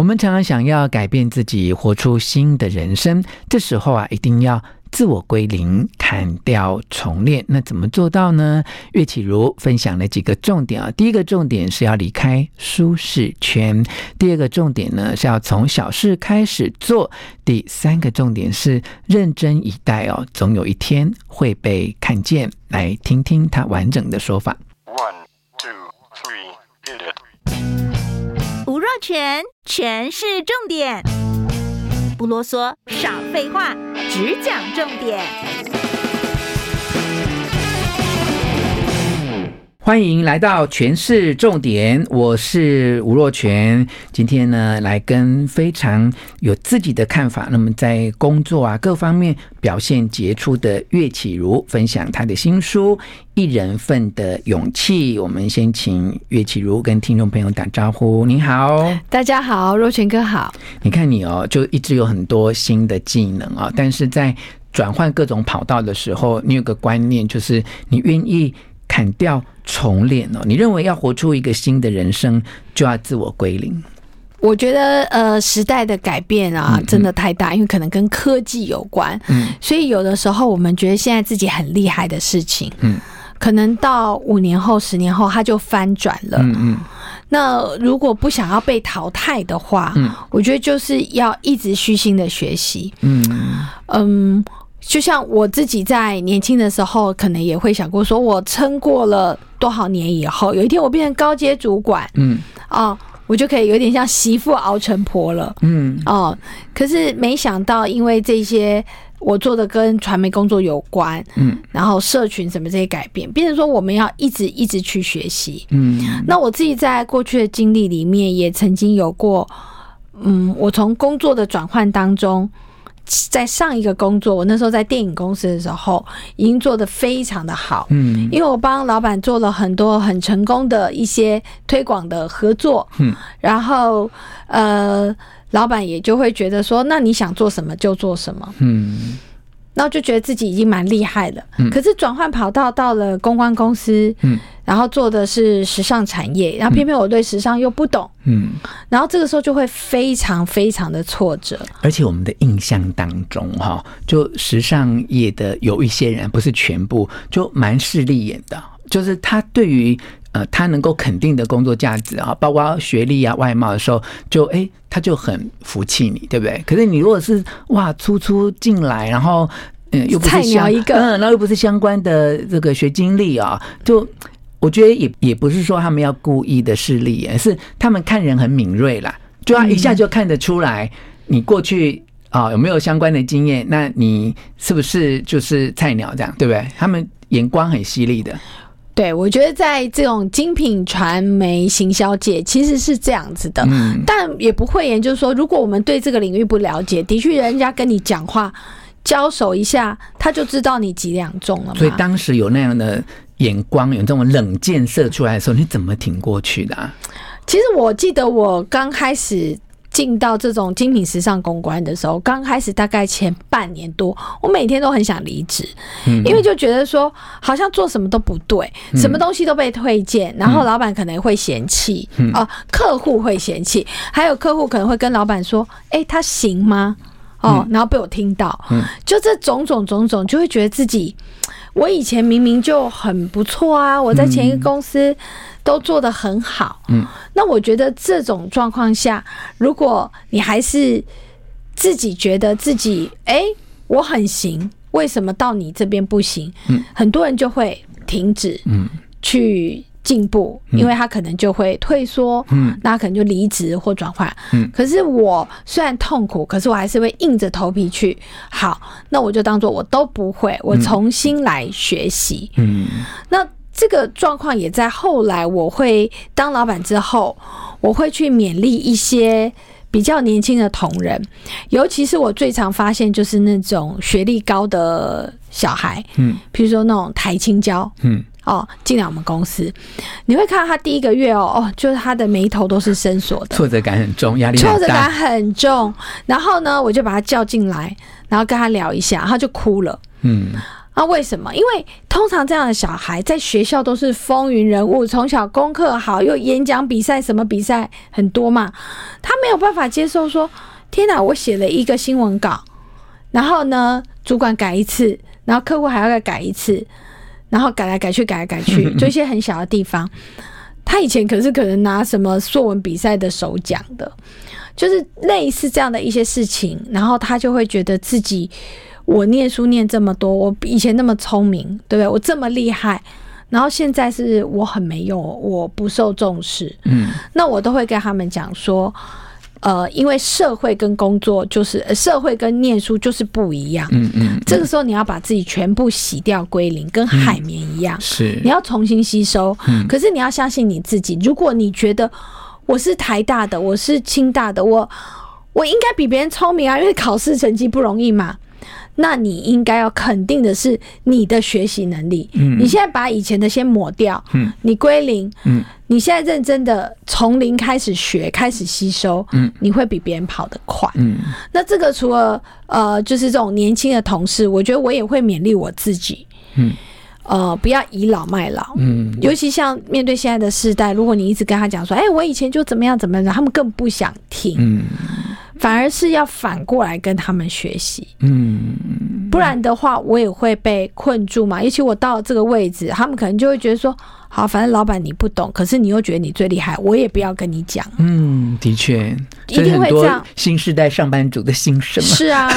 我們常常想要改變自己，活出新的人生。這時候啊，一定要自我歸零，砍掉重練。那怎麼做到呢？岳啟儒分享了幾個重點啊。第一個重點是要離開舒適圈；第二個重點呢是要從小事開始做；第三個重點是認真以待哦，總有一天會被看見。來聽聽他完整的說法。One 權全是重點，不囉嗦，少廢話，只講重點。歡迎來到《權式重點》，我是吳若權，今天呢，來跟非常有自己的看法，那麼在工作啊，各方面表現傑出的岳啟儒分享他的新書《一人份的勇氣》。我們先請岳啟儒跟聽眾朋友打招呼。你好，大家好，若權哥好。你看你哦，就一直有很多新的技能啊、哦，但是在轉換各種跑道的時候，你有個觀念，就是你願意。砍掉重練哦！你認為要活出一個新的人生，就要自我歸零？我覺得，呃，時代的改變啊，真的太大，嗯嗯，因為可能跟科技有關。嗯，所以有的時候我們覺得現在自己很厲害的事情，嗯，可能到五年後、十年後，它就翻轉了。嗯，嗯，那如果不想要被淘汰的話，嗯，我覺得就是要一直虛心的學習。嗯嗯。就像我自己在年輕的時候，可能也會想過，說我撐過了多少年以後，有一天我變成高階主管，嗯，哦，我就可以有點像媳婦熬成婆了，嗯，哦，可是沒想到，因為這些我做的跟傳媒工作有關，嗯，然後社群什麼這些改變，變成說我們要一直一直去學習，嗯，那我自己在過去的經歷裡面也曾經有過，嗯，我從工作的轉換當中。在上一個工作，我那時候在電影公司的時候，已經做得非常的好，嗯，因為我幫老板做了很多很成功的一些推廣的合作，嗯，然後呃，老板也就會覺得說，那你想做什麼就做什麼，嗯。然後就覺得自己已經蠻厲害了，可是轉換跑道到了公關公司，嗯，然後做的是時尚產業，然後偏偏我對時尚又不懂，嗯，然後這個時候就會非常非常的挫折。而且我們的印象當中，哈，就時尚業的有一些人不是全部，就蠻勢利眼的，就是他對於。呃，他能夠肯定的工作價值啊，包括學歷啊、外貌的時候，就哎、欸，他就很服氣你，對不對？可是你如果是哇，初初進來，然後嗯，又不是菜鳥一個，嗯，然後又不是相關的這個學經歷啊，就我覺得也也不是說他們要故意的勢利，啊，而是他們看人很敏銳啦，就要一下就看得出來、嗯、你過去啊、哦、有沒有相關的經驗，那你是不是就是菜鳥這樣，對不對？他們眼光很犀利的。對，我覺得在這種精品傳媒行銷界，其實是這樣子的，嗯，但也不會研究說，如果我們對這個領域不了解，的確人家跟你講話交手一下，他就知道你幾兩重了嘛。所以當時有那樣的眼光，有這種冷箭射出來的時候，你怎麼挺過去的啊？其實我記得我剛開始。進到這種精品時尚公關的時候，剛開始大概前半年多，我每天都很想離職，嗯，因為就覺得說好像做什麼都不對，嗯、什麼東西都被推薦，然後老板可能會嫌棄啊，嗯哦，客戶會嫌棄，還有客戶可能會跟老板說：“誒、欸，他行嗎？”哦，然後被我聽到，就這種種種種種，就會覺得自己。我以前明明就很不錯啊，我在前一個公司都做得很好。嗯，那我覺得這種狀況下，如果你還是自己覺得自己哎，我很行，為什麼到你這邊不行？嗯，很多人就會停止。嗯，去。進步，因為他可能就會退縮，嗯，那可能就離職或轉換，嗯。可是我雖然痛苦，可是我還是會硬着頭皮去。好，那我就當做我都不會，我重新來學習。嗯，嗯。那這個狀況也在後來，我會當老闆之後，我會去勉勵一些比較年輕的同仁，尤其是我最常發現就是那種學歷高的小孩，嗯，譬如說那種台清交，嗯。哦，進來我們公司，你會看到他第一個月哦，哦，就是他的眉頭都是深鎖的，挫折感很重，壓力很大，挫折感很重。然後呢，我就把他叫進來，然後跟他聊一下，他就哭了。嗯，那、啊、為什麼？因為通常這樣的小孩在學校都是風雲人物，從小功課好，又演講比賽什麼比賽很多嘛，他沒有辦法接受說，天哪、啊，我寫了一個新聞稿，然後呢，主管改一次，然後客戶還要再改一次。然後改來改去，改來改去，就一些很小的地方。他以前可是可能拿什麼作文比賽的首獎的，就是類似這樣的一些事情。然後他就會覺得自己，我念書念這麼多，我以前那麼聰明，對不對？我這麼厲害，然後現在是我很沒用，我不受重視。嗯，那我都會跟他們講說。呃，因為社會跟工作就是社會跟念書就是不一樣。嗯嗯，嗯，這個時候你要把自己全部洗掉歸零，跟海綿一樣，嗯。是，你要重新吸收。嗯，可是你要相信你自己。如果你覺得我是台大的，我是清大的，我我應該比別人聰明啊，因為考試成績不容易嘛。那你應該要肯定的是你的學習能力。嗯，你現在把以前的先抹掉，嗯，你歸零，嗯，你現在認真的從零開始學，開始吸收，嗯，你會比別人跑得快。嗯，那這個除了呃，就是這種年輕的同事，我覺得我也會勉勵我自己，嗯，呃，不要倚老賣老，嗯，尤其像面對現在的世代，如果你一直跟他講說，哎，我以前就怎麼樣怎麼樣，他們更不想聽，嗯。反而是要反過來跟他們學習，嗯，不然的話我也會被困住嘛。尤其我到了這個位置，他們可能就會覺得說。好，反正老闆你不懂，可是你又覺得你最厲害，我也不要跟你講。嗯，的確，一定會這樣。新時代上班族的心聲活，是啊，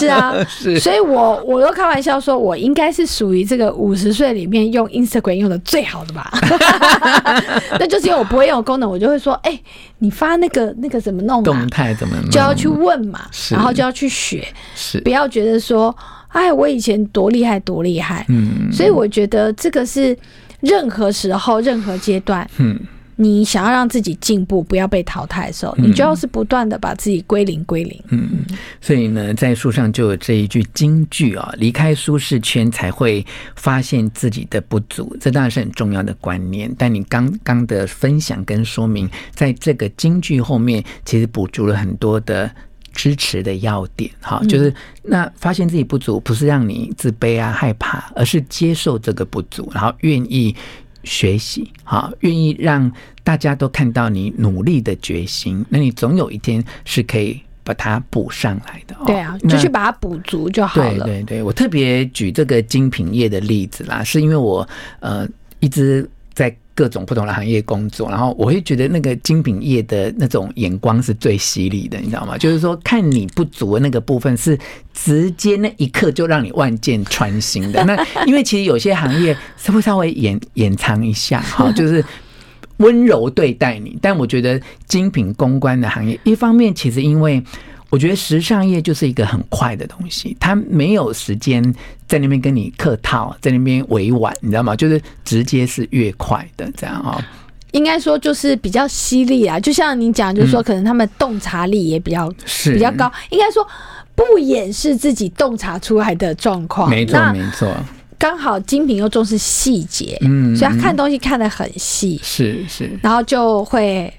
是啊。 是，所以我我都開玩笑說，我應該是屬於這個五十歲裡面用 Instagram 用的最好的吧。 那就是因為我不會用功能，我就會說，哎、欸，你發那個那個怎麼弄、啊？動態怎麼弄、啊？就要去問嘛， 然後就要去學。是，不要覺得說，哎，我以前多厲害多厲害。嗯。所以我覺得這個是。任何時候、任何階段，嗯，你想要讓自己進步，不要被淘汰的時候，你就要是不斷的把自己歸零、歸零。嗯，嗯。所以呢，在書上就有這一句金句啊、哦：離開舒適圈才會發現自己的不足。這當然是很重要的觀念。但你剛剛的分享跟說明，在這個金句後面，其實補足了很多的。支持的要點，哈，就是那發現自己不足，不是讓你自卑啊、害怕，而是接受這個不足，然後願意學習，哈，願意讓大家都看到你努力的決心，那你總有一天是可以把它補上來的。對啊，就去把它補足就好了。對，對對，我特別舉這個精品業的例子啦，是因為我呃一直在。各種不同的行業工作，然後我會覺得那個精品業的那種眼光是最犀利的，你知道嗎？就是說看你不足的那個部分，是直接那一刻就讓你萬箭穿心的。那因為其實有些行業稍微稍微掩掩藏一下，好，就是溫柔對待你。但我覺得精品公關的行業，一方面其實因為。我覺得時尚業就是一個很快的東西，它沒有時間在那邊跟你客套，在那邊委婉，你知道嗎？就是直接是越快的這樣啊、哦。應該說就是比較犀利啊，就像你講，就是說、嗯、可能他們洞察力也比較是比較高，應該說不掩飾自己洞察出來的狀況。沒錯，沒錯。剛好精品又重視細節，嗯、嗯，所以他看東西看得很細，是是，然後就會。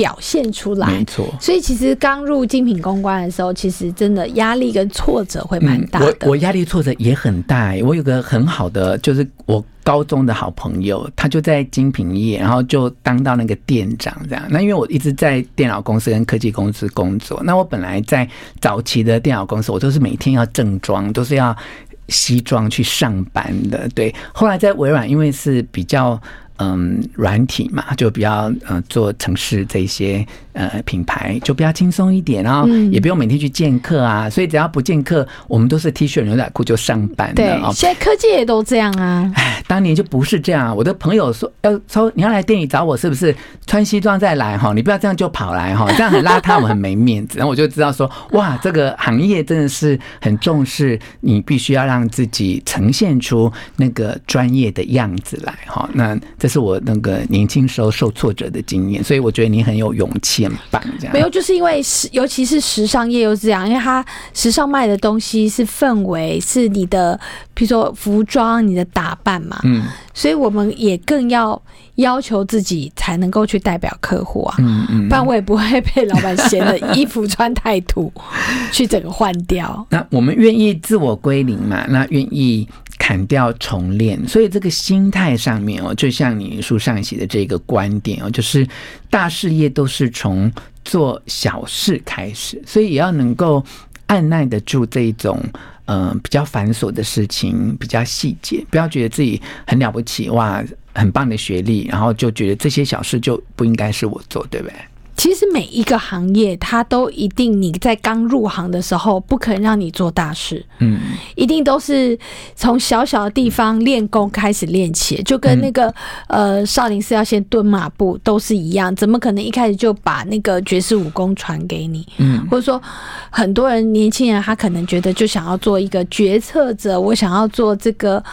表現出來，沒錯。所以其實剛入精品公關的時候，其實真的壓力跟挫折會蠻大的。嗯、我、我壓力挫折也很大、欸。我有個很好的，就是我高中的好朋友，他就在精品業，然後就當到那個店長這樣。那因為我一直在電腦公司跟科技公司工作，那我本來在早期的電腦公司，我都是每天要正裝，都是要西裝去上班的。對，後來在微軟，因為是比較。嗯，軟體嘛，就比較嗯做城市這些呃品牌就比較輕鬆一點，哦，然、嗯、後也不用每天去見客啊，所以只要不見客，我們都是 T 恤牛仔褲就上班了，哦。對，現在科技也都這樣啊。哎，當年就不是這樣啊。我的朋友說要，說你要來店裡找我，是不是穿西裝再來哈？你不要這樣就跑來哈，這樣很邋遢，我很沒面子。 然後我就知道說，哇，這個行業真的是很重視你，必須要讓自己呈現出那個專業的樣子來哈。那這。是我那個年輕時候受挫折的經驗，所以我覺得你很有勇氣，很棒這樣。沒有，就是因為時，尤其是時尚業又是這樣，因為它時尚賣的東西是氛圍，是你的，比如說服裝、你的打扮嘛。嗯。所以我們也更要要求自己才能夠去代表客戶啊。嗯嗯。不然我也不會被老闆嫌的衣服穿太土， 去整個換掉。那我們願意自我歸零嘛？那願意。砍掉重練，所以這個心態上面哦，就像你書上寫的這個觀點哦，就是大事業都是從做小事開始，所以也要能夠按捺得住這一種嗯、呃、比較繁瑣的事情，比較細節，不要覺得自己很了不起，哇，很棒的學歷，然後就覺得這些小事就不應該是我做，對不對？其實每一個行業，它都一定你在剛入行的時候，不可能讓你做大事。嗯，一定都是從小小的地方練功開始練起，就跟那個、嗯、呃少林寺要先蹲馬步都是一樣。怎麼可能一開始就把那個絕世武功傳給你？嗯，或者說很多人年輕人他可能覺得就想要做一個決策者，我想要做這個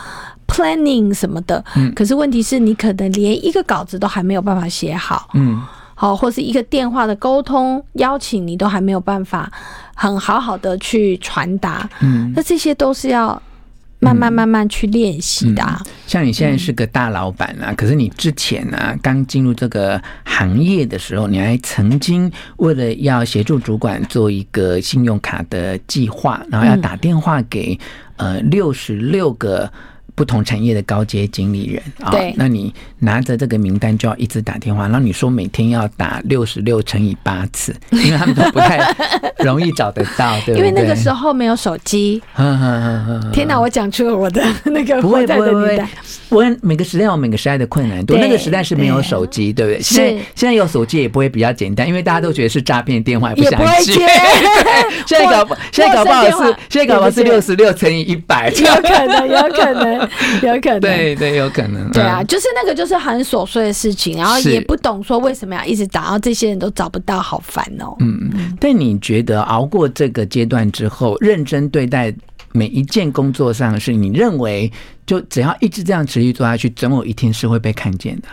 planning 什麼的。嗯，可是問題是你可能連一個稿子都還沒有辦法寫好。嗯。好，或是一個電話的溝通邀請，你都還沒有辦法很好好的去傳達。嗯，那這些都是要慢慢慢慢去練習的。像你現在是個大老闆啊、嗯，可是你之前呢、啊，剛進入這個行業的時候，你還曾經為了要協助主管做一個信用卡的計劃，然後要打電話給呃六十六個。不同產業的高階經理人啊、哦，那你拿着這個名單就要一直打電話，然後你說每天要打六十六乘以八次，因為他們都不太容易找得到， 對不對？因為那個時候沒有手機，天哪，我講出了我的那個不會帶的年代。我每個時代有每個時代的困難度，那個時代是沒有手機，對不對？現在現在有手機也不會比較簡單，因為大家都覺得是詐騙電話也，也不想接。 現在搞不好我，現在搞不好是現在搞不好是六十六乘以一百，有可能，有可能。 有可能，對對，有可能，對啊，嗯、就是那個，就是很瑣碎的事情，然後也不懂說為什麼要一直打，然後這些人都找不到，好煩哦。嗯但你覺得熬過這個階段之後，認真對待每一件工作上的事，你認為就只要一直這樣持續做下去，總有一天是會被看見的？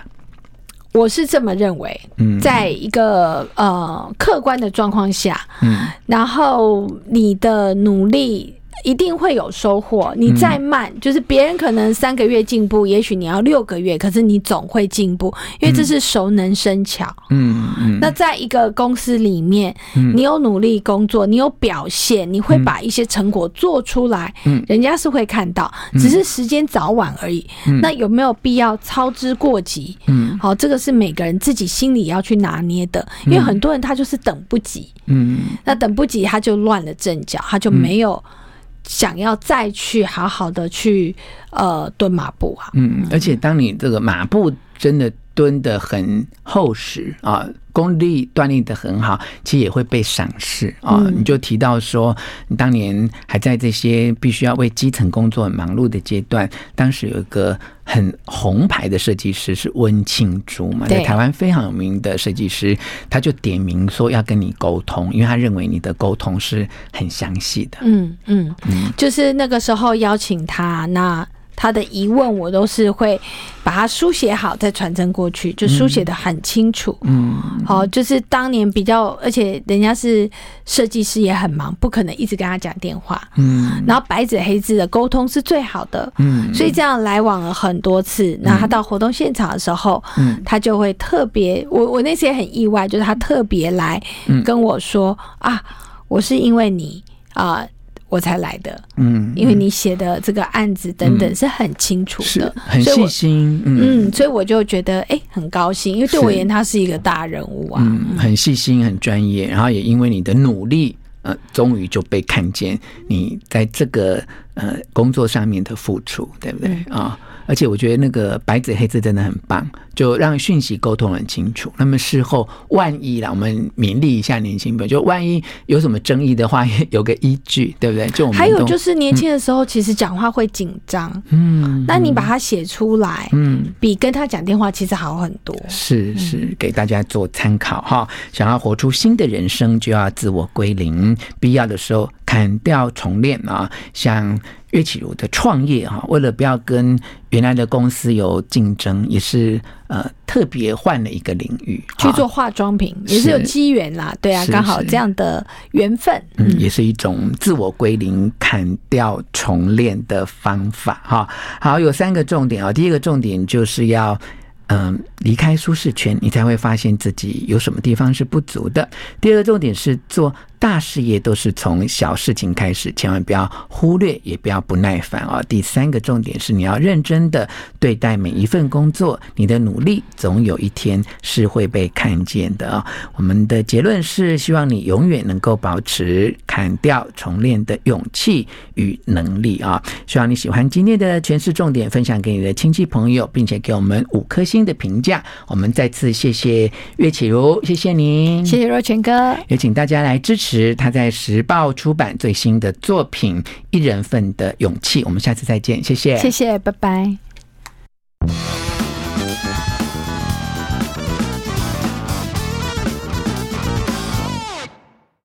我是這麼認為。嗯，在一個、嗯、呃客觀的狀況下，嗯，然後你的努力。一定會有收穫。你再慢，嗯，就是別人可能三個月進步，也許你要六個月，可是你總會進步，因為這是熟能生巧。嗯，嗯，那在一個公司裡面，嗯，你有努力工作，你有表現，你會把一些成果做出來，嗯，人家是會看到，只是時間早晚而已，嗯，那有沒有必要操之過急？嗯，好，哦，這個是每個人自己心裡要去拿捏的，因為很多人他就是等不及，嗯，那等不及他就亂了陣腳，他就沒有。想要再去好好的去呃蹲馬步啊，嗯，而且當你這個馬步真的。蹲得很厚實啊，功力鍛鍊得很好，其實也會被賞識啊、嗯。你就提到說，你當年還在這些必須要為基層工作忙碌的階段，當時有一個很紅牌的設計師是溫慶珠嘛，在台灣非常有名的設計師，他就點名說要跟你溝通，因為他認為你的溝通是很詳細的。嗯嗯，就是那個時候邀請他那。他的疑問我都是會把它書寫好再傳真過去，就書寫的很清楚。嗯，好、嗯呃，就是當年比較，而且人家是設計師也很忙，不可能一直跟他講電話。嗯，然後白紙黑字的溝通是最好的。嗯，所以這樣來往了很多次。那他到活動現場的時候，嗯，嗯他就會特別，我我那次也很意外，就是他特別來跟我說啊，我是因為你啊。呃我才來的，嗯，因為你寫的這個案子等等是很清楚的，嗯嗯、很細心嗯，嗯，所以我就覺得哎、欸、很高興，因為對我而言他是一個大人物啊，嗯、很細心很專業，然後也因為你的努力，呃，終於就被看見你在這個呃工作上面的付出，對不對啊、哦？而且我覺得那個白紙黑字真的很棒。就讓訊息溝通很清楚。那麼事後萬一啦，我們勉勵一下年輕人，就萬一有什麼爭議的話，也有個依據，對不對？就我們還有就是年輕的時候，其實講話會緊張，嗯，那你把它寫出來，嗯，比跟他講電話其實好很多。是是，嗯、給大家做參考哈。想要活出新的人生，就要自我歸零，必要的時候砍掉重練啊。像岳啟儒的創業哈，為了不要跟原來的公司有競爭，也是。呃，特別換了一個領域去做化妝品、哦，也是有機緣啦。對啊，剛好這樣的緣分嗯，嗯，也是一種自我歸零、砍掉重練的方法。哈、哦，好，有三個重點啊、哦。第一個重點就是要嗯離、呃、開舒適圈，你才會發現自己有什麼地方是不足的。第二個重點是做。大事業都是從小事情開始，千萬不要忽略，也不要不耐煩啊、喔。第三個重點是，你要認真的對待每一份工作，你的努力總有一天是會被看見的啊、喔。我們的結論是，希望你永遠能夠保持砍掉重練的勇氣與能力啊、喔。希望你喜歡今天的權式重點，分享給你的親戚朋友，並且給我們五顆星的評價。我們再次謝謝岳啟儒，謝謝您，謝謝若權哥，也請大家來支持。他在時報出版最新的作品《一人份的勇氣》，我們下次再見，謝謝，謝謝，拜拜。